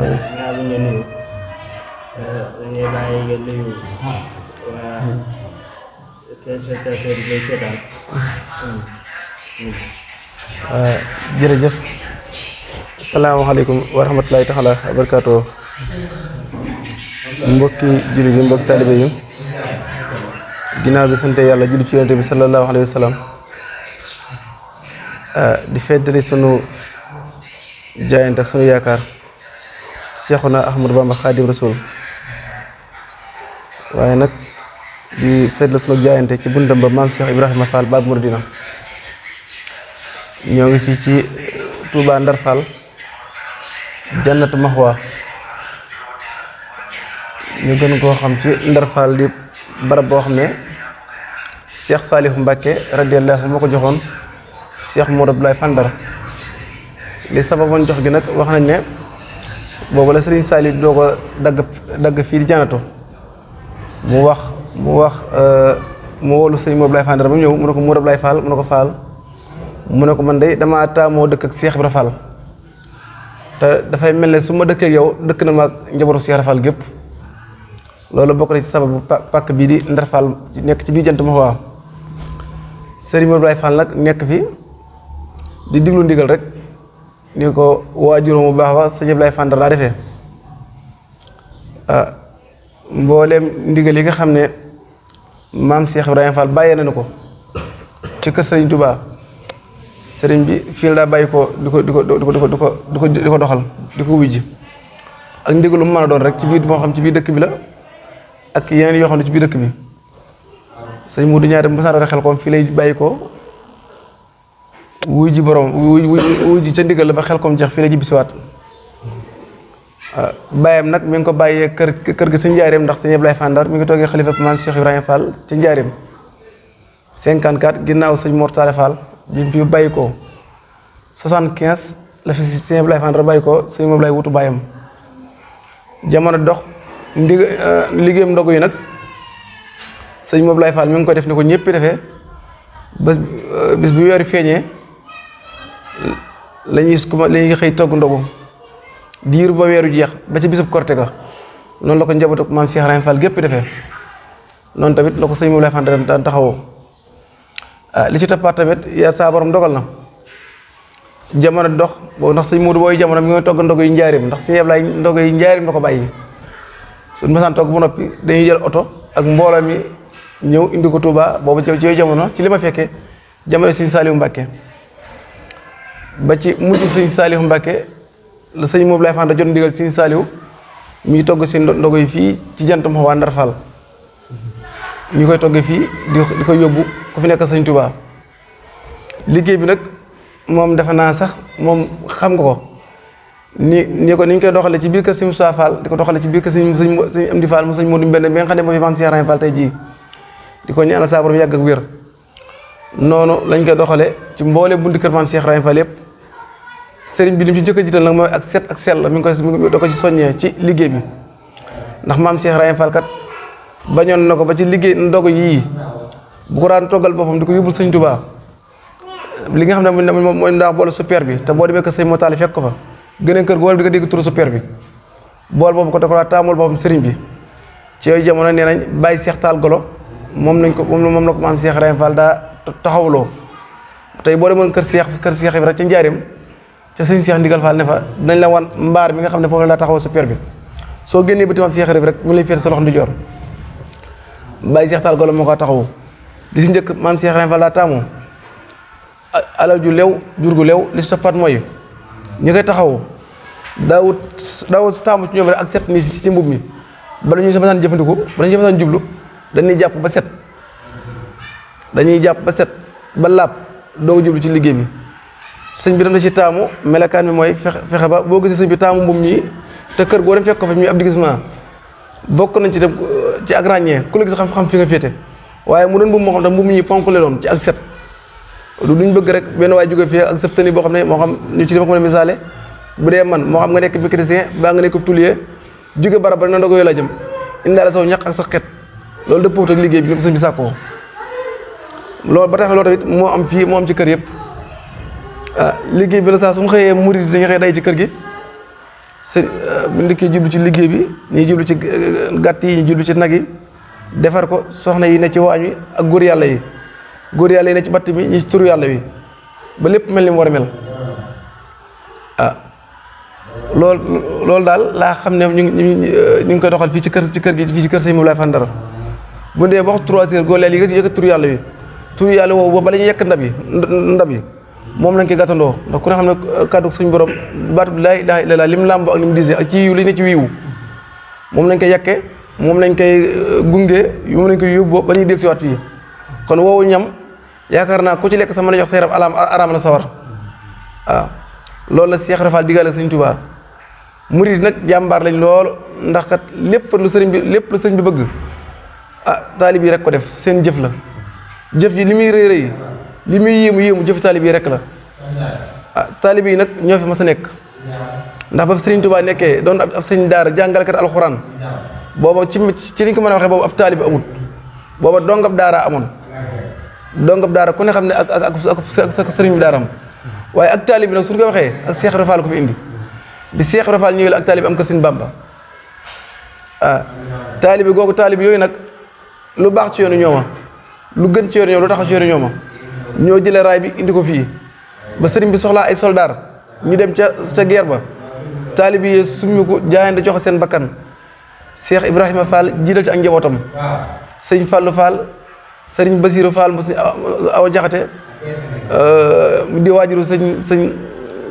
fay. maa ngi leen nuyu. ñu bàyyi nga waa. téléspectateur bi seetaan. jërëjëf. mbokki jullit yi mbokki taalibe yi. ginnaaw bi sant yàlla julli ci yonent bi sallallahu alayhi wa di feddali sunu jaayante ak sunu yaakaar. Seexuna ahmad Bamba khadim Rasul waye nak di fedd sunu jayante ci bundam ba mam Cheikh ibrahim Fall bab Mouridina ñoo ngi ci ci Touba Ndar Fall Jannatu mahwa ñu gën ko xam ci Ndar Fall di barab bo xamne ne Cheikh Saalihu Mbàkke radiyallahu mako ko joxoon Cheikh Modou Abdoulaye Fall li jox gi nak wax nañ ne bobu la serigne Saliou doo ko dag dagg fii di janato mu wax mu wax euh, mu wolu serigne Modou Laye Fall Ndar ba mu ne ko Modou lay fal mu ne ko fal mu ne ko man de damaa taamoo dekk ak Cheikh ibrahim fal ta da fay melne suma dekk ak yow dekk na ma njaboru Cheikh rafal gep lolu bokk na ci sababu pak bi di Ndar fal nek ci bi jant ma waaw serigne Modou Laye Fall nag nekk fi di diglu ndigal rek ni ko waajuróom bu baax ba sëñ Ablaye Fandar daa defee ah, mboolem ndigal yi nga xam ne maam Cheikh Ibrahima Fall bàyyee nañu ko ci kër sëriñ Touba sëriñ bi fii daa bàyyi ko di ko di ko di ko di ko di doxal di ko wujj ak ndigalu mu a doon rek ci biir moo xam ci biir dëkk bi la ak yeneen yoo xam ci biir dëkk bi sëñ Modou ñaar dem bu saa xel koom fii lay bàyyi ko wuy ji borom wuy ji ca ndigal la ba xel kom jeex fii la jibbisiwaat ah, bàyyam nag mi ngi ko bàyyee kër kër gi sa njaareem ndax sëñ Ablaye Fandar mi ngi toogee xalifa maam Cheikh Ibrahima Fall ca njaareem 54 ginnaaw sëñ Mor Talla Fall bi mu fi bàyyi ko 75 la fi sëñ Ablaye bàyyi ko sëñ moom lay wutu bàyyam jamono dox ndig ah, liggéeyam ndogu yi nag sëñ moom lay Fall mi ngi ko def ni ko ñëpp defee ba ah, bis bu weer feeñee lañuy ñuy kuma la ñuy xëy togg ndogu diir ba weeru jeex ba ci bisub korte ga noonu la ko njabootu maam Cheikh Rahim gépp defe noonu tamit la ko sëñ Moulay Fall daan taxawoo ah, li ci toppaat tamit yaa saa borom na jamono dox boobu ndax sëñ Moodu booy jamono mi ngi togg yu njaarim ndax sëñ Ablaay ndogu yu njaarim ko bàyyi ba noppi dañuy jël oto ak mbooloo mi ñëw indi ko Touba boobu ci yooyu jamono ci li ma fekke jamono sëñ Saliou Mbàkke ba ci mujj sëñ salihu mbake le sëñ mom lay fanda jonne digal sëñ salihu mi togg si ndogoy fi ci jantum xawaa ndar fall ñu koy togg fi di ko yobbu ku fi nek sëñ touba liggey bi nak mom defe na sax mom xam nga ko ni ni ko ni ngi koy doxale ci biir kër sëñ Moussa Fall diko doxale ci biir kër sëñ sëñ Amdi Fall mo sëñ Modou Mbende bi nga xam fi maam si Fall tey jii di ñaanal sa borom yagg ak wér nono lañ ko doxale ci mbolé bunti kër man Cheikh Rahim Fall serigne bi lim ci jëkë jital nak moy ak set ak sel mi ngi ko mi ngi ci soñé ci liggé bi ndax mam Cheikh Rahim Fall kat bañon nako ba ci liggé ndogu yii bu ko daan togal bopam diko yubul serigne touba li nga moy ndax super bi te bo demee ko serigne motali fekk ko fa kër di dégg turu super bi bol boobu ko da ko la tamul serigne bi ci yooyu jamono nenañ bay Cheikh tal Golo mom lañ ko mom la ko mam Cheikh Rahim Fall da taxawloo tay bo demone keur cheikh keur cheikh Ibra ci ndiarim ci seigne cheikh Ndigal Fall nefa dañ la won mbar mi nga xamne fofu la taxaw su per bi soo génnee ba cheikh Seex rek mu lay fete so loxo ndijoor bàyyi Seex Taal Golo moo ko di si njëkk man cheikh Ibra Fall la tamu alal ju lew jur lew li si toppaat ñi koy taxaw daawut daawut tamu ci ñom rek ak set ni ci mbub mi ba lañu jublu ba set dañuy jàpp ba set ba laab doog jublu ci liggéey bi sëñ bi dem na ci taamu melekaan bi mooy fexe fexe ba boo gisee sëñ bi taamu mbubb ñii te kër goo dem fekk ko fa ñuy ab bokk nañ ci dem euh, ci ak ràññee ku la xam-xam fi nga mu doon mbubb moo xam tam mbubb ñii ponk ci ak set lu duñ bëgg rek benn waay jóge fii ak sëftani boo xam ne moo xam ñu ci def ko mën a misaale bu dee man moo xam nga nekk mécanicien baa nga nekk tulier jóge barab ba na ndogo yoo la jëm indaale saw ñaq ak sa xet loolu dëppoo ak liggéey bi ni ko sëñ bi sàkkoo loolu ba tax na loolu tamit moo am fi mo am ci kër yëpp liggéey bi la saa su ñu xëyee murid dañuy xëy day ci kër gi seen bu ndikkee jublu ci liggéey bi ñuy jublu ci gàtt yi ñu jublu ci nag yi defar ko soxna yi ne ci waañ wi ak góor yàlla yi góor yàlla yi ne ci batt bi ñi ci turu yàlla bi ba lépp mel ni mu war a mel ah loolu loolu daal laa xam ne ñu ngi ñu ngi koy doxal fii ci kër ci kër gi fii ci kër Sëñ Moulaye Fandara bu dee wax trois heures góor yàlla yi yëkkati turu yàlla bi tur yàlla woowu ba bala ñu yekk ndab yi ndab yi moom lañ koy gàttandoo ndax ku ne xam ne kàddu suñu borom baatu laa ilaaha illallaah lim làmb ak ni mu ak ci yiw li ne ci wiiwu moom lañ koy yekke moom lañ koy euh, gunge moom lañ koy yóbbu ba ñuy dégg si waat fii kon woowu ñam yaakaar naa ku ci lekk sa mën a jox say rab alaam araam na sawar waaw la Seex Rafal digale Sëriñ Tuubaa murid nag jàmbaar lañ lool ndax kat lépp lu sëriñ bi lépp lu sëriñ bi bëgg ah taalib rek ko def seen jëf jëf ji li muy rëy rëy li muy yéemu yéemu jëfi taalib yi rek la ah taalib yi nag ñoo fi mas a nekk ndax ba fi Sëriñ Tuubaa nekkee doon ab sëñ daara jàngalekat alxuraan booba ci mu ci liñ ko mën a waxee boobu ab taalib amut booba dong ab amoon dong ab ku ne xam ne ak ak ak ak sëriñ waaye ak taalib bi nag suñ ko waxee ak Seex Ibra Faal ko fi indi bi Seex Ibra Faal ñëwee ak taalib am ko sëñ Bàmba ah taalib googu taalib yooyu nag lu baax ci yoonu ñooma lu gën ci yoon ñoo lu tax ci yoon ma ñoo jëlé raay bi indi ko fi ba sëriñ bi soxla ay soldar ñu dem ci ci guerre ba taalib yi suñu ko jaayante jox seen bakkan Cheikh Ibrahima Fall jidal ci ak njabotam sëriñ fallu Fall sëriñ Basirou Fall mu aw jaxate euh, di waajuru sëriñ sëriñ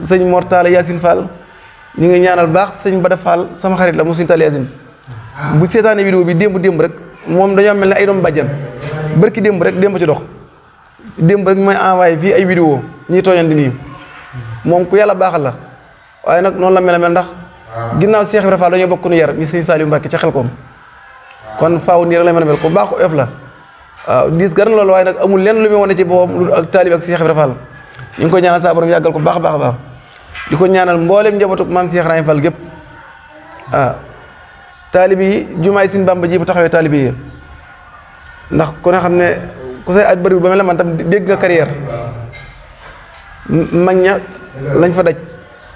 sëriñ Mortala yasin Fall ñu ngi ñaanal baax sëriñ Bada Fall sama xarit la mu sëñ Talla Yacine bu seetaanee vidéo bi démb démb rek mom dañu melni ay doom barki dem rek démb ci dox dem rek may envoyer fi ay vidéo ñuy tooñante ni mom ku yalla baxal la waye nak non la mel mel ndax ginnaw Cheikh Ibrahima dañu bokku ñu yar ñu seigne salim Mbacke xel ko kon faaw ni rek la mel mel ku baxu ko la dis gar na lol waye nak amul lenn lu mi wane ci boppam lu ak talib ak Cheikh Ibrahima ñu ko ñaanal sa borom yagal ko bax bax bax diko ñaanal mbolem mam Cheikh Ibrahima Fall gep ah talibi jumaay sin Bamba ji bu taxawee ndax ku ne xam ne ku say at bëriwul ba mel man tam dégg nga carrière mag ña lañ fa daj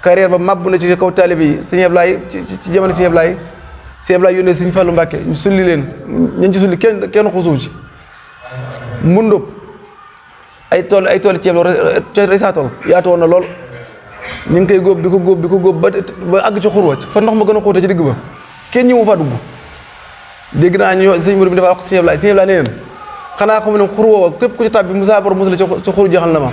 carrière ba màbb na ci kaw taalib yi sëñ Ablaay ci ci jamono sëñ Ablaay sëñ Ablaay yónnee sëñ Fallu Mbàkke ñu sulli leen ñañ ci sulli kenn kenn xusuuf ci mbundóob ay tool ay tool ceeb la rey yaatu woon na lool ñu ngi koy góob di ko góob di ko góob ba ba àgg ci xurwa fa ndox ma gën a xóote ci digg ba kenn ñëwu faa dugg dégg naa ñu sëñ Mourou mi dafa wax sëñ xanaa xam ne xur woowa képp ku ci tàbbi Moussa Bor Moussa la ci xuru joxal na ma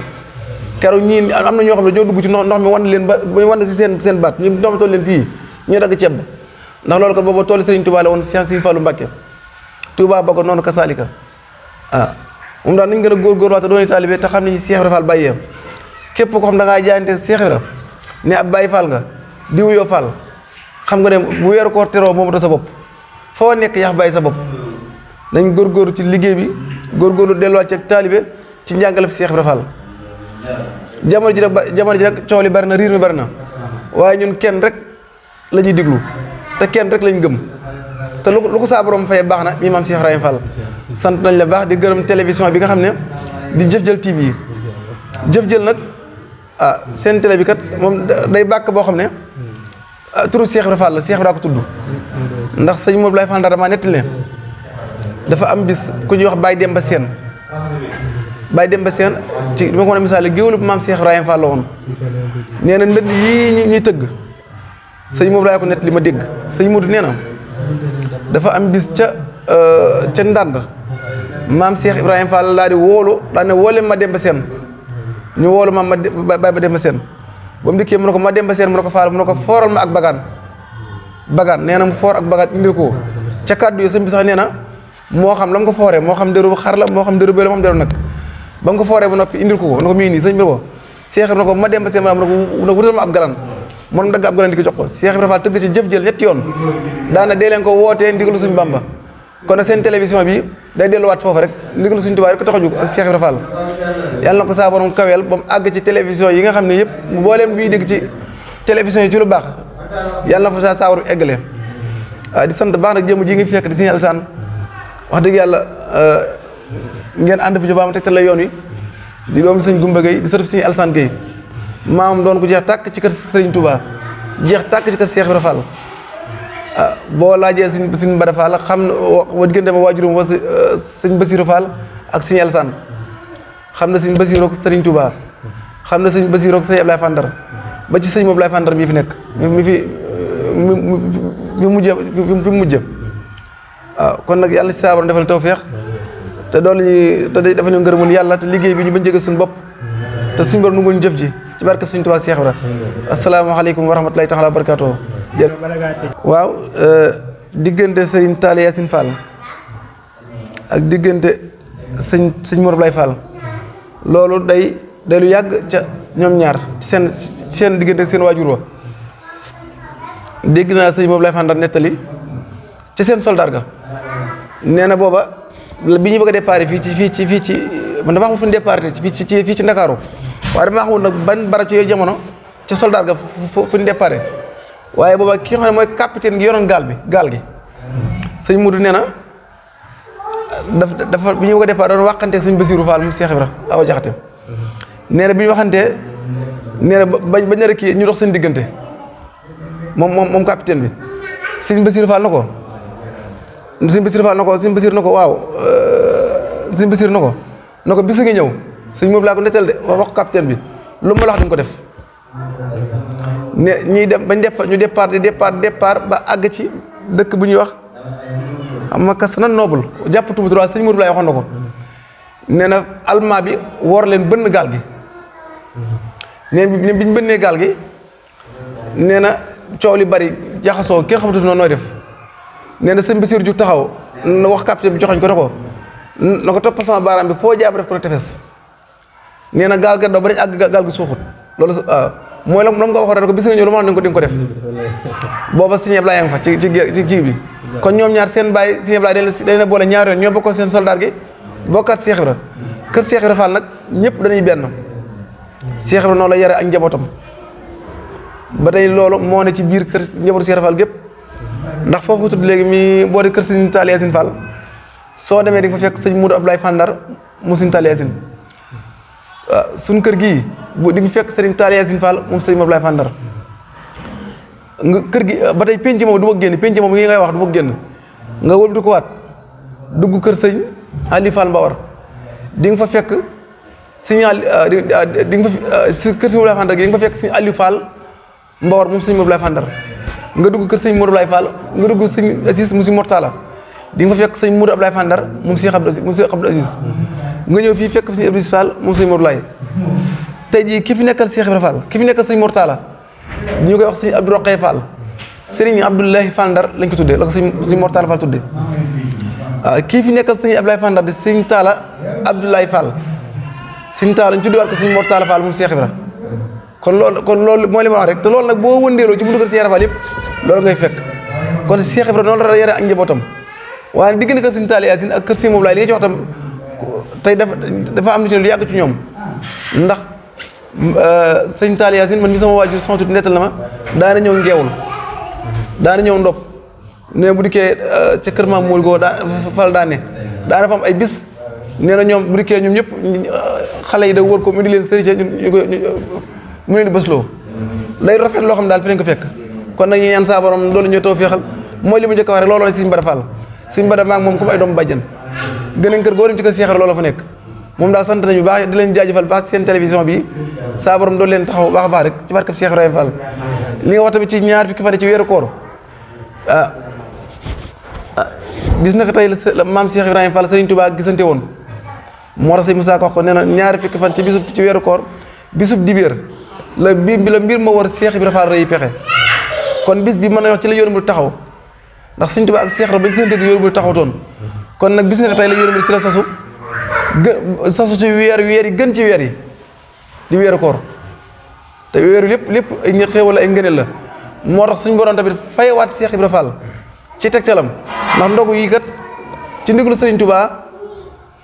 am na ñoo xam ne ñoo dugg ci ndox mi wan leen ba wan si seen seen baat ñu ndox mi toll leen fii ñu dagg ceeb ndax loolu ko booba tool Sëriñ Touba la woon science Fallu Mbàkke Touba ba ko noonu kasaalika ah moom daal nañ gën a góorgóorluwaat te doon taalibe te xam ne Seex Ibra Fall bàyyeem képp ko xam da ngaa jaayante Seex Ibra ne ab Baay Fall nga diw yoo xam nga ne bu weeru koor teroo moom da sa bopp fo nek yah bay sa bop nañ gor gor ci liggey bi góorgóorlu delluwaat ci ak taalibe ci njàngale ci Seex Ibra Fall jamono ji nag jamono ji rek cholli barna rirmi barna riir ñun kenn rek lañu diglu te kenn rek lañu gëm te lu ko sa borom fay baxna na imaam Cheikh Ibrahima Fall sant nañ la bax di gërëm télévision bi nga xamné di jëf-jël TV yi jëf-jël nag ah sen télé bi kat mom day bak bo xamné Ah, turu Cheikh Ibra Fall la Cheikh Ibra ko tudd ndax sëñ Modou laay Fall dara maa nettali leen dafa am bis ku ñuy wax Baye Demba Sène Baye Demba Sène ci li ma ko mën a misaale géwélu bu maam Cheikh Ibrahima Fall la woon na ndënd yii tëgg sëñ Modou ko nett li ma dégg sëñ Modou nee dafa am bis ca euh, ca ndànd maam Cheikh Ibrahima Fall daal di woolu daal ne ma Demba ba ñu woolu maam ma Baye ma Demba bam dikke mu ne ko ma dem ba seen mu ne ko faal mu ne ko foral ma ak bagan bagan neena na mu for ak bagaan indil ko ca kàddu yi sëñ bi sax neena mo xam lam ko foré mo xam deru xar la mo xam deru bële moo xam deru nak bam ko foré bu nopi indil ko ne ko mi ni sëñ bi ko cheikh ne ko ma dem ba seen mu ne ko wutal ma ab galan moom dagg ab galan di ko jox ko cheikh bi dafa ci jëf jël ñetti yoon daana de len ko wote ndigalu suñu bamba kono seen télévision bi day wat fofu rek ndigal seigne touba rek taxaju ak Cheikh rafal yalla nako sa borom kawel bam ag ci télévision yi nga xamni ne yëpp bi deg ci télévision yi ci lu bax yalla fa sa saa eggale di sante bax nak jëm ji nga fekk di signal alsan. wax yalla euh ngeen and fi ñu tek tegtal la yoon wi di doom seigne Gumba Gueye di sante seigne alsan Gueye maam doon ko jeex tak ci keur seigne Touba jeex tak ci keur Cheikh rafal Ah, boo laajee sëñ sëñ Bada xam na wa diggante ma waajuram wa euh, sëñ Basiru Fall ak sëñ Alsaan xam na sëñ Basiru ak sëriñ xam na sëñ Basiru ak sëñ Ablaye Fandar ba ci sëñ moom Ablaye Fandar mi fi nekk mi fi mi mujj fi mujj a ah, kon nag yàlla ci saabaram defal tawféex te doolu ñu te dafa ñu ngërëmul yàlla te liggéey bi ñu bañ jege suñu bopp te suñu borom nu ngul jëf ji ci barkeb sëñ Touba Cheikh Ibra asalaamaaleykum wa rahmatulahi taala wa waaw euh, diggante sëriñ Taale Yaasin Fall ak diggante sëñ sëñ Mor Ablaye Fall loolu day day lu yàgg ca ñoom ñaar seen seen diggante seen waajur wa dégg naa sëñ Mor lay Fall daan nettali ci seen soldaar ga nee na booba bi ñu bëgg a fii ci fii ci fii ci man damaa xamul fu ñu départ fii ci fii ci Ndakaaru waaye damaa xamul nag ban barab ci jamono ca soldaar ga fu fu ñu départ waaye booba ki nga xam ne mooy capitaine gi yoroon gaal bi gaal gi sëñ Mudu nee na daf dafa bi ñu ko départ doon waxanteeg sëñ Basiru Fall mu Seex Ibra awa jaxate nee na bi ñu bañ bañ a kii ñu dox seen diggante moom moom moom capitaine bi sëñ Basiru Fall na ko sëñ Basiru Fall na ko sëñ Basiru na ko waaw euh, sëñ Basiru na ko na ko bis nga ñëw sëñ Mudu laa ko nettal de wax capitaine bi lu ma la wax ko def ne ñuy dem bañ départ ñu départ di départ départ ba àgg ci dëkk bu ñuy wax Makka sana noobul jàpp Tuuba trois sëñ Mourou Laye waxoon na ko ne na almaa bi woor leen bënn gaal gi nee na bi ñu bënnee gaal gi nee na coow li bari jaxasoo kenn xamatu noonu nooy def nee na sëñ Basiir ju taxaw na wax capitaine bi joxoñ ko ne ko na ko topp sama baaraam bi foo jaab def ko ne tefes nee na gaal ga doo bari àgg gaal gi suuxut mooy la mu ko waxoon ko ko di nga ko booba Sëñ Ablaay yaa ngi fa ci ci ñoom ñaar seen bàyyi Sëñ Ablaay dañ la boole ñaar yoon ñoo bokkoon seen soldaar gi bokkaat Seex Ibra kër Seex Ibra Faal nag ñëpp dañuy benn Seex Ibra noonu la njabootam ba tey loolu moo ne ci biir kër njabootu Seex Faal gépp ndax foofu nga léegi mi boo di kër si Taali Yaasin Faal soo demee di nga fa fekk sëñ ab lay Fandar mu Sëñ Taali Eh, sun kër gi bu di fekk serigne tali Yacine Fall moom serigne Mablaye Fandar nga kër gi batay penj mom moom du ma génn penc moom ngay wax du ma génn nga du ko wat duggu kër serigne Ali Fall Mbawar di nga fa fekk sëñ eh, eh, di nga fa kër serigne Mablaye Fandar gi nga fa fekk serigne Ali Fall Mbawar moom serigne Mablaye Fandar nga duggu kër serigne Modou lay Fall nga duggu serigne Assis mu si Mortala di nga fa fekk serigne Modou Ablaye Fandar moom serigne Abdou Assis nga ñëw fii fekk fi sëñ Abdou Fall moom sëñ Modou Laye jii ki fi nekkal Cheikh Ibrahima Fall ki fi nekkal sëñ Mortala ñu koy wax sëñ Abdou Roqee Fall sëriñ Abdoulaye Fall Ndar lañ ko tuddee la ko sëñ sëñ Mortala ah, kii fi nekkal sëñ Abdoulaye Fall Ndar di sëñ Talla Abdoulaye Fall sëñ Talla ñu tuddewaat ko sëñ Mortala Fall moom Cheikh Ibra kon loolu kon loolu mooy li wax rek te loolu nag boo wëndeeloo ci bu dugg Cheikh Ibra Fall yëpp loolu ngay fekk kon Cheikh Ibra noonu la yore ak njabootam waaye diggante kër sëñ Talla Yaasin ak kër sëñ Modou li nga ci wax tam tey dafa dafa am nit lu yàgg ñoom ndax euh, sëñ Talla Yacine man mi sama waajur sama tuuti nettal na ma daana ñëw ngeewul daana ñëw ndop ne bu dikkee euh, ca kër maam Mor Gow daa fal daane daana fa am ay bis nee na ñoom bu dikkee ñoom ñëpp euh, xale yi da wër mu di leen sëriñ ñu ñu ko mu leen xam daal fi leen ko fekk kon nag ñu ñaan saa borom loolu ñu taw feexal mooy li mu njëkk a wax rek looloo ne Sëñ Bada Fall Sëñ Bada maag moom comme ay doom bàjjan gënañ kër goo dem ci kër seexar loola fa nekk moom daa sant nañu baax di leen jaajëfal baax seen télévision bi saa borom leen taxaw baax baax rek ci barkab Cheikh Ibrahima Fall li nga wax ñaar fukki fan ci weeru koor ah bis ah, na tey la maam Cheikh Ibrahima Fall Serigne Touba gisante woon moo tax sëñ Moussa ko wax na ñaari fukki fan ci bisub ci weeru koor bisub dibéer la mbir la mbir ma war Cheikh Ibrahima Fall rëy pexe kon bis bi mën na wax ci la yoon bu taxaw ndax Serigne Touba ak Cheikh ra bañ gisante gi yoon bu taxaw toon kon nak bis ne tey la yërëm ci la sasu sasu ci weer weer yi gën ci weer yi di weeru koor te weeru lepp lepp ay nga xéewal ay ngeenel la mo tax suñu borom tamit fayewaat cheikh ibrahim Fall ci tegtalam ndax ndogu yi kat ci ndiglu serigne touba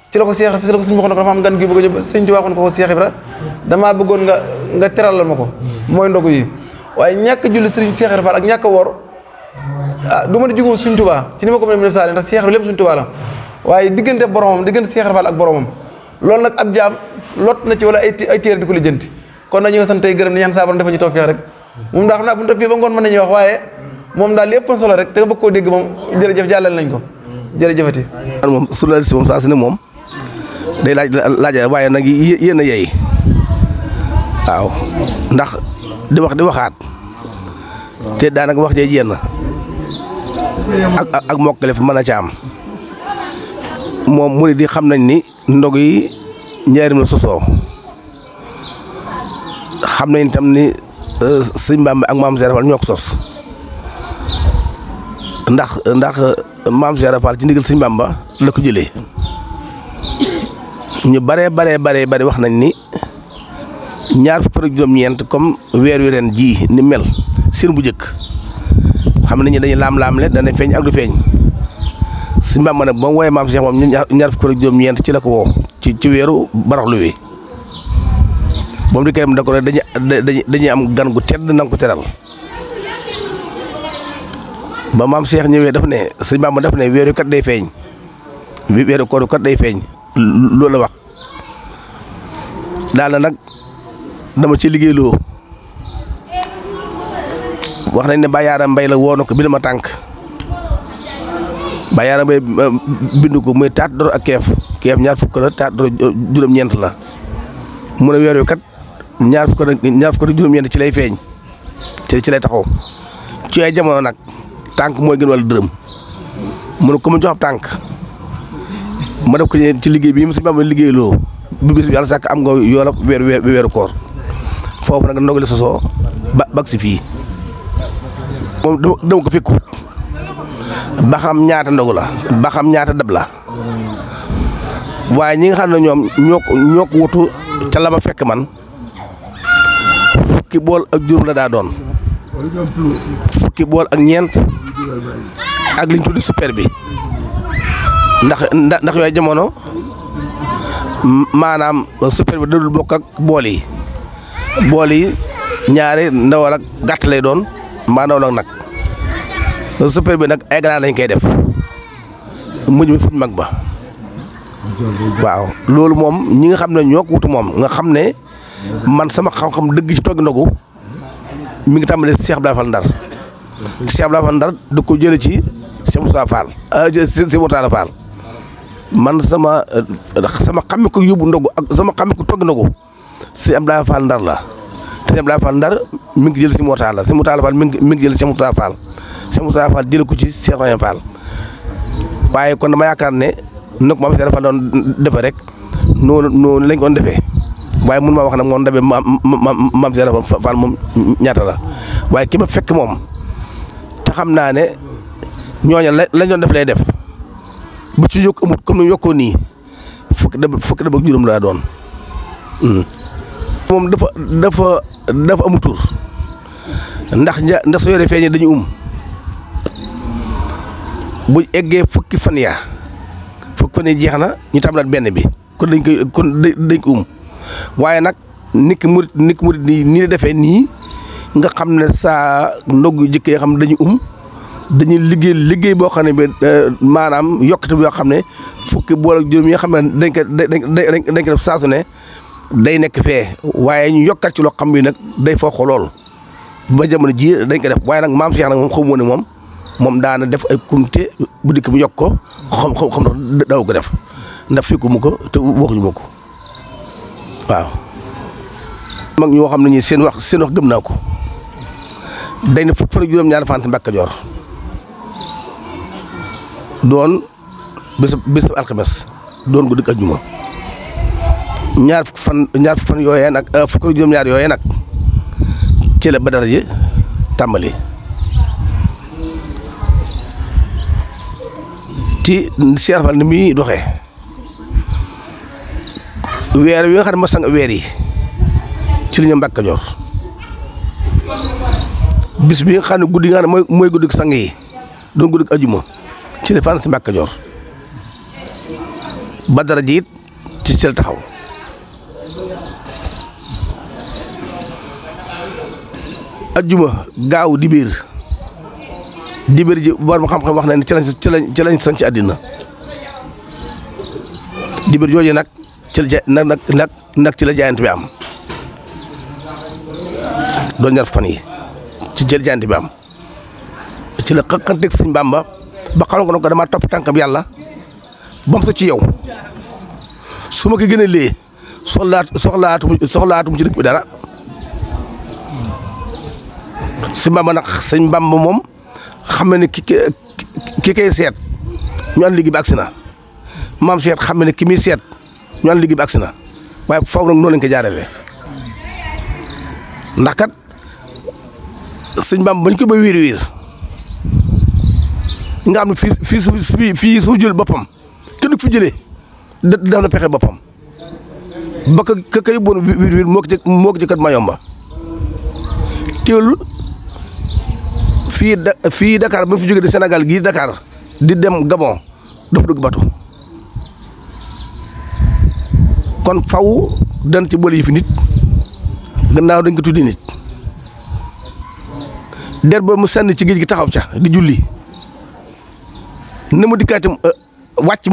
ci la ko Seex fi la ko suñu waxoon ko dafa am gan gi bëgg a serigne touba Tuubaa ko cheikh ibrahim dama bëggon nga nga teralal mako moy ndogu yi waye ñak julli serigne cheikh ibrahim Fall ak ñak wor ah, duma di jugo serigne touba ci nima ma ko mën a misaale ndax cheikh Ibra serigne touba la waaye diggante boromam diggante Cheikh Rafal ak boromam loolu nag ab jaam lot na ci wala ay ay téere di ko lijjanti kon nañu sant tey gërëm di ñaan saabaram dafa ñu toog rek moom daal xam naa bu ñu toppee ba ngoon mën nañu moom daal lépp solo rek te nga bëgg koo dégg moom jàllale nañ ko jërëjëfati. moom journaliste moom saa su ne moom laaj laaj waaye nag yéen a yey di wax di waxaat te daanaka wax jee jéem ak ak mokkale fi mën a ca am moom murid yi xam nañ ni ndog yi njaarim la sosoo xam nañ tam ni euh, sëñ Bàmba ak maam Cheikh Fall ñoo ko sos ndax ndax euh, maam Cheikh Fall ci ndigal sëñ Bàmba la ko jëlee ñu bare bare bare bare wax nañ ni ñaar fukk ak juróom-ñeent comme weer wi ren jii ni mel seen bu jëkk xam nañ dañu laam laam-laamle dana feeñ ak du feeñ suñu maam ma nag ba mu wooyee maam Cheikh moom ñaar fukki ak juróom-ñeent ci la ko woo ci ci weeru baraxlu wi moom di kayam dañuy am gan gu tedd na ko teral ba maam Cheikh ñëwee daf ne suñu maam daf ne weeru day feeñ bi day feeñ loolu la nag dama ci liggéey loo wax nañ ne Bayaara Mbay la woo na ko bi ma tànk. bayara yaara bindu ko muy taat dor ak kef kef ñaar fukk la taat dor juróom ñent la mu ne weer kat ñaar fukk ñaar fukk juróom ñent ci lay feñ ci ci lay taxaw ci ay jamono nak tank moy gën wala deureum mu ne ko mu jox tank ma def ko ci liggey bi mu si am liggey lo bi bis yalla sak am nga yoolab weer weeru koor fofu nak ndogal soso bak ci fi fii dama ko fekkou ba xam ñaata ndogu la ba xam ñaata dab la waaye ñi nga xam ne ñoom ñoo ko wutu ca la ma fekk man fukki bool ak juróom la daa doon fukki bool ak ñeent ak liñ tuddi super bi ndax ndax yooyu jamono maanaam super bi dadul bokk ak bool yi bool yi ñaari ndawal ak gàtt lay doon mbaa ndawal nag super bi nag ay ganaar lañ koy def mujj bi suñ mag ba waaw loolu moom ñi nga xam ne ñoo ko wutu moom nga xam ne man sama xam-xam dëgg ci togg ndogu mi ngi tàmbalee Cheikh Abdoulaye Fall Ndar Cheikh Abdoulaye Fall Ndar da ko jële ci Cheikh Moussa Fall euh, Cheikh Moutala Fall man sama euh, xam xamme ko yóbbu ndogu ak sama xamme ko togg ndogu Cheikh Abdoulaye Fall Ndar la te Cheikh Abdoulaye Fall Ndar mi ngi jël si Moutala si Moutala Fall mi ngi mi ngi jël si Moussa Fall Cheikh Moussa Fall jël ko ci Cheikh Ibrahima Fall waaye kon dama yakar ne nok mom Cheikh Fall doon defe rek non non lañ ko defé waye waaye ma wax na moom ndabe mam maam Cheikh Fall mom ñata la waye kima fekk mom ta xamna ne ñoña lañ don def lay def bu ci yok amut comme ñu yokko ni fuk dëbb fuk dëbb ak jurum la doon mom hmm. dafa dafa dafa amu tur ndax ndax so yore feñi dañu um bu eggee fukki fan yaa fukki fan yi jeex na ñu tàmbalaat benn bi kon dañ koy kon dañ ko um waaye nag nit ki murit nit ki nii nii defee nii nga xam ne saa ndog yu jëkk yoo xam ne dañu um dañuy liggéey liggéey boo xam ne bi euh, maanaam yokkati yoo xam ne fukki bool ak juróom yi nga xam ne dañ ko dañ dañ ko def ne day nekk fee waaye ñu yokkat ci loo xam bi nag day foo lool ba jamono jii dañ ko def waaye nag maam Cheikh nag moom xamu woon ne moom moom daana def ay kumte bu dikk mu yokk ko xam xam xam daw ko def ndax fikku mu ko te waxuñu ma ko waaw. mag ñoo xam ne ñi seen wax seen wax gëm naa ko day na fukk fan juróom-ñaar fan si doon bés bés doon ko dikk ajjuma ñaar fukk fan ñaar fukk fan yooyee nag fukk ak juróom-ñaar yooyee nag ci la badara ji tàmbali. ci cheikh ni mi doxé wér wi nga xam ma sang wér yi ci li ñu mbakk jor bis bi nga xam guddi nga moy moy guddi sang yi do guddi ajuma ci li fan ci mbakk jor badara jit ci sel taxaw gaaw di bir dibér ji mo xam-xam wax na ci lañ ci lañ ci adina sanc àddina dibér jooju ci nak nak nak nak ci la jant bi am do ñar fan yi ci jël jant bi am ci la xëqanteeg sëñ bamba ba xal ko ko dama topp tànkam yalla bam sa ci yow suma ko gëna lé soxlaat soxlaat soxlaatum ci dëkk bi dara sëñ bamba nak sëñ bamba mom xam na ne ki ki koy seet ñu ànd liggéey bi agsi na maam seet xam na ne kimi seet ñu ànd liggéey bi agsi na waaye faaw nag noonu lañ ko jaaralee ndax kat sëñ Bàmba bañ ko ba wiir wiir nga xam ne fi fii su fii fii su jël boppam kenn ku fi da def na pexe boppam ba ka ka kay bon wiir wiir moo ko jë moo ko jëkkat ma fi Fi Dakar bu fi joge di senegal gi Dakar di dem Gabon do dug bato kon faw dan ci boole fi nit gannaaw dañ ko tuddi nit der bo mu sen ci géej gi taxaw ca di julli nemu dikati dikkaati euh, wàcc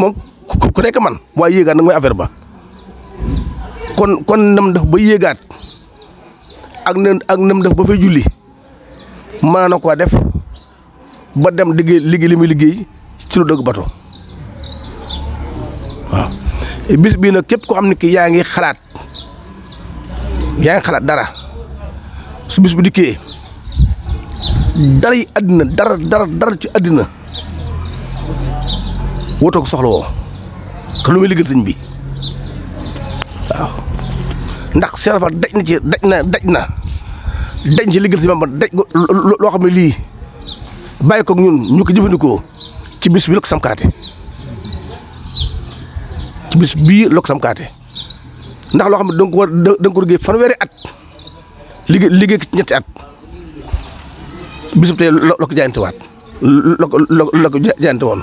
ku nek man waaye yéegaat nak moy affaire ba kon kon nam def ba gat ak agnem ak nam def ba fay julli maana ko def ba dem ligi, liggéey limi muy ci lu deug bato waaw bis bi nag kep ko xamni ki yaangi ngi yaangi xalat ngi dara su bis bu dikke dara yi dar dara dara dara ci àddina woto ko soxlo mi bi ndax seerafa dajna ci dajna na dañ ci liggéey ci mamba lo xamni li bay ko ñun ñu ko jëfandikoo ci bis bi lok ko samkaate ci bis bi lok ko samkaate ndax lo xamni ne ko war da nga ko liggéey fanweeri at liggéey liggéey ci ñetti at bisub tey la ko jaayantewaat la ko la ko jaayante woon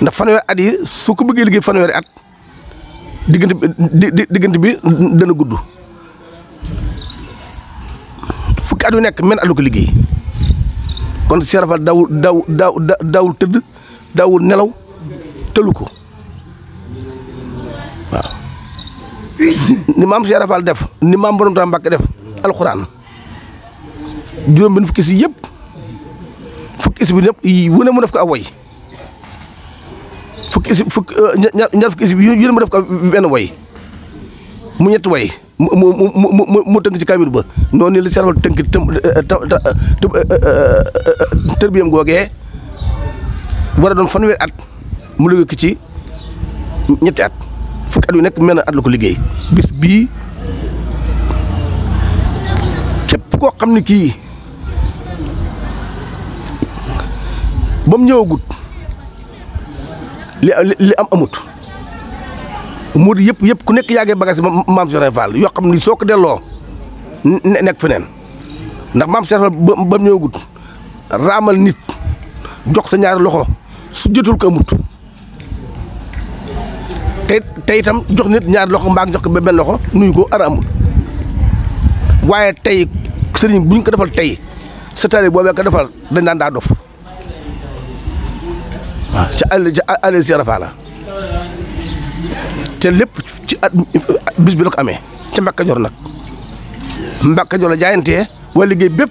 ndax at yi su ko bëggee liggéey fanweeri at digënt digënt bi dana guddu fukki nekk men at lu liggéey kon Cheikh Rafal daawul tëdd daawul nelaw tëlu ko waaw ni maam Cheikh Rafal def ni maam borom Tuubaa Mbàkke def alxuraan juróom benn fukki si yëpp fukki si bi yëpp wu ne mu def ko aw woy fukki si fukk ñaar fukki si bi yu mu def ko benn woy mu ñetti way mu mu mu tënk ci kamil ba noonu la seeral tënk tëm tërbiyam googee war a doon fanweeri at mu liggéey ko ci ñetti at fukki at yu nekk mel na at la ko liggéey bis bii képp koo xam ne kii ba mu ñëwagut li li am amut muur yëpp yëpp ku nekk yàggee bagage maam Cheikh Ibra Fall yoo ni soo ko delloo nekk feneen ndax maam Cheikh Ibra Fall ba mu ñëwagut raamal nit jox sa ñaari loxo su jotul ko amut tey itam jox nit ñaari loxo mbaa jox ko ba benn loxo nuyu ko ara amut waaye tey sëriñ bu ñu ko defal tey sa tari boobee ko defal dañ daan daa dof waaw ca àll ca àll la te lépp ci at bi la amee ca Mbàkke Kajoor nag Mbàkke Kajoor la jaayantee wala liggéey bépp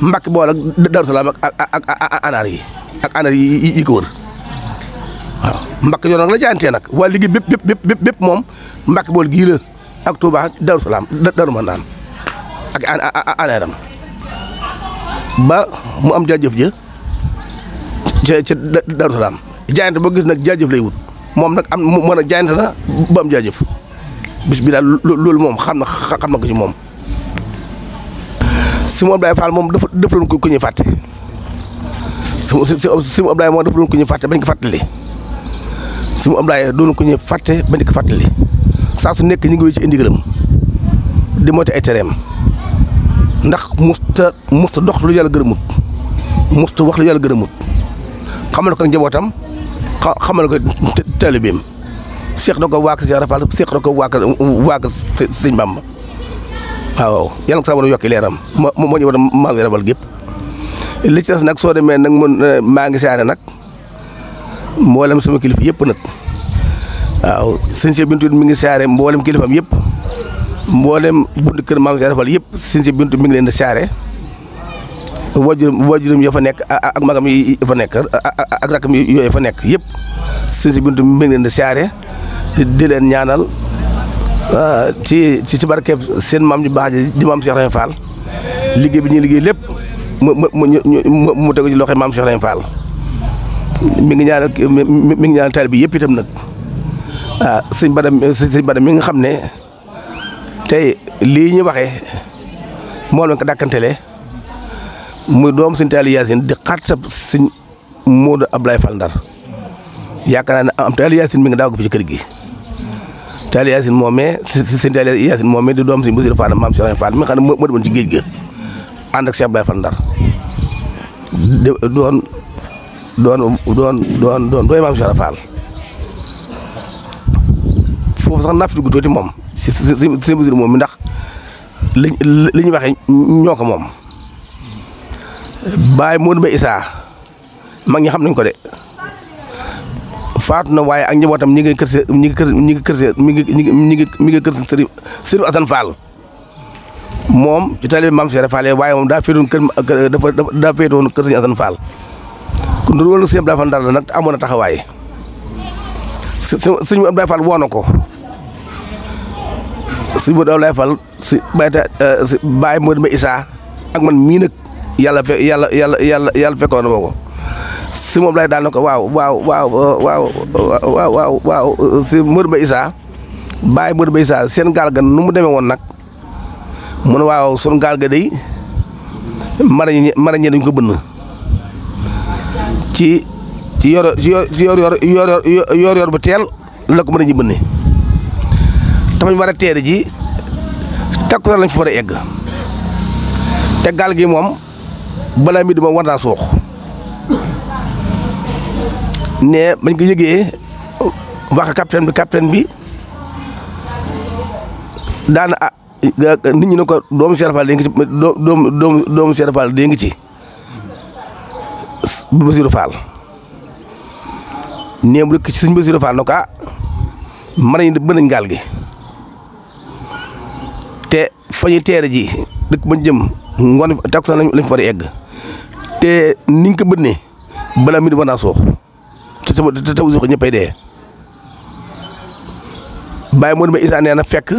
Mbàkke Bawol ak Daaru Salaam ak ak ak anaar yi ak anaar yi yi ko wër waaw Mbàkke Kajoor nag la jaayantee nag wala liggéey bépp bépp bépp bépp moom Mbàkke Bawol gii la ak Touba Daaru Salaam Daaru Manaan ak anaaram ba mu am jaajëf ja ca ca Daaru Salaam boo gis nag jaajëf lay wut. moom nag am mën a jaayante na ba am jaajëf bis bi daal loolu moom xam na xam na ko ci moom si mu Abdoulaye Fall moom dafa def loon ko ñuy fàtte si mu si mu Abdoulaye moom ko ñuy fàtte bañ ko fàttali si mu Abdoulaye doon ko ñuy fàtte bañ ko fàttali saa su nekk ñu ngi wéy ci indigalam di moytu ay tereem ndax musta musta dox lu yàlla gërëmut musta wax lu yàlla gërëmut xamal ko njabootam xamal ko taalibeem seex na ko waak Seex Rafal seex na ko waak waak Sëñ Bamba waaw yàlla nga saa woon yokki leeram moo moo ñu war maam yi gépp li ci nag soo demee nag man eh, maa ngi saare nag mboolem sama kilifa yëpp nag waaw sëñ si bintu mi ngi saare mboolem kilifam yëpp mboolem bunt kër maam Seex Rafal yëpp sëñ si bintu mi ngi leen di saare waajuram waajuram ya fa nekk ak magam yi nekk ak rakkam yooyu fa nekk yëpp sëñ si bintu mi ngi leen di siyaare di leen ñaanal ci ci ci barkeeb seen maam ju baax ji di maam Cheikh bi ñuy liggéey lépp mu mu mu ci loxo maam Cheikh mi ngi ñaanal mi ngi ñaanal taalibe bi yëpp itam nag sëñ Badam sëñ Badam mi nga xam ne tey lii ñu waxee moo leen ko dàkkantele muy doom sëñ Talla Yacine di xaat sa sëñ Modou Ablaye Fall Ndar yaakaar naa ne am Talla mi nga daaw ko fi ci kër gi Talla Yacine moomee si sëñ Talla Yacine moomee di doom sëñ Basiru Fall maam Cheikh Fall mi nga xam ne moo demoon ci géej moom si si moom mi ndax li li ñu waxee ñoo moom. Baye moo Mbaye Issa mag ñi xam nañ ko de faatu na waaye ak njabootam ñi ngi kër ñi ngi kër ñi ngi kër ñi ngi ñi ngi ñi moom ci taalibe Maam Cheikh Fall waaye moom daa féetoon kër dafa daa féetoon kër Serigne Assane Fall kon loolu wala sëñ Abdoulaye Fall daal nag amoon na taxawaay sëñ Abdoulaye Fall woo na ko sëñ Abdoulaye Fall si Baye eh, Modou Mbaye issaa ak man miina yàlla fe yàlla yàlla yàlla yàlla fekkoon na ko si moom lay daal na ko waaw waaw waaw waaw waaw waaw waaw si Modou Mbaye Issa bàyyi Modou Mbaye Issa seen gaal ga nu mu demee woon nag mun ne waaw sunu gaal ga day marañi marañi dañ ko bënn ci ci yor ci yor yor yor yor bu teel la ko mën a ñu bënni war a teere ji takku na lañ fa war a egg te gaal gi moom balaa mi dama war naa soox ne bañ ko yëgee wax capitaine bi capitaine bi daan a ah, nit ñi ne ko doomu Cheikh Fall dee ngi ci doomu doomu doomu Cheikh Fall dee ngi ci Bassirou Fall nee mu dëkk ci sëñ Bassirou Fall ne ah, gaal gi te fa ñu teere ji dëkk bañ jëm ngoon takkusaan lañ fa egg te ni nga ko bënnee balaa mi di war naa soox te te te soox ñëppay dee bàyyi moo dama isaa nee na fekk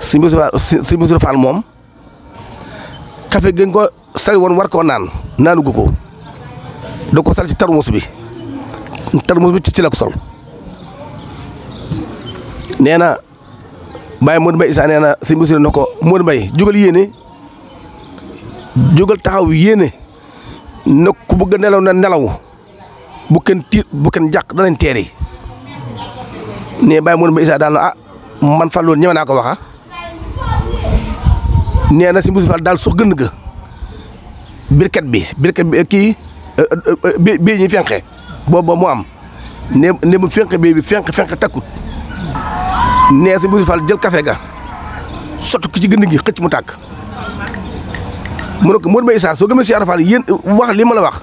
si Moussa si moom café gën ko sari woon war koo naan naanugu ko da ko sal ci tarmus bi tarmus bi ci la ko sol nee na Baye Modou Mbaye Issa nee na si na ko Modou Mbaye jugal yéene jugal taxaw yéene na ku bëgg nelaw na nelaw bu ken tit bu ken jak da teeri téré né bay mo isa dal ah man fa lool ñëw ko waxa ah. né na si musu dal daal ga birket bi birket bi ki eh, eh, bi bi ñuy bo bo mu am ne ne mu fenqe bi bi fenq takut. né nee si jël café ga sotu ci gën gi xëc mu tak mu ne ko Modou Mbaye Issa soo gëmee Cheikh Ibra Fall yéen wax li ma la wax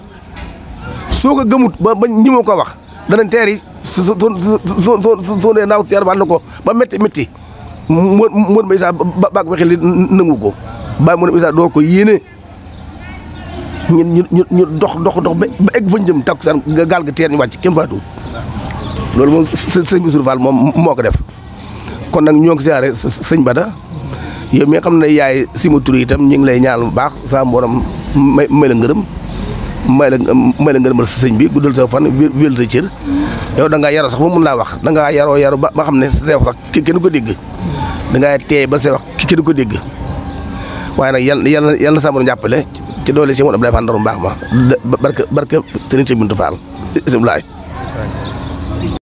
soo ko gëmut ba ba ñi ma ko wax dana teeri su su su su ne naaw Cheikh Ibra Fall na ko ba métti métti Modou Mbaye Issa ba baag waxee li nangu ko bàyyi Modou Mbaye Issa ñu ñu ñu dox dox dox ba egg fañ jëm takku saan gaal ga teer ñu wàcc kenn faatu loolu moom sëñ Bassirou Fall moom moo ko def kon nag ñoo ngi siyaare sëñ Bada yow mi xam ne yaay Sima Touré itam ñu ngi lay ñaan bu baax sa borom may may la ngërëm may la may la ngërëmal sa sëñ bi guddal sa fan wér sa cër yow danga ngaa yaroo sax ba mun laa wax da ngaa yaroo yaroo ba ba xam ne sa wax sax kenn ko dégg da ngaa teey ba sa wax kenn ko dégg waaye nag yàlla yàlla yàlla na sa borom jàppale ci doole si moom Abdoulaye Fall Ndaru mbaax ma barke barke Sëriñ Sëñ Bintu Fall bisimilaay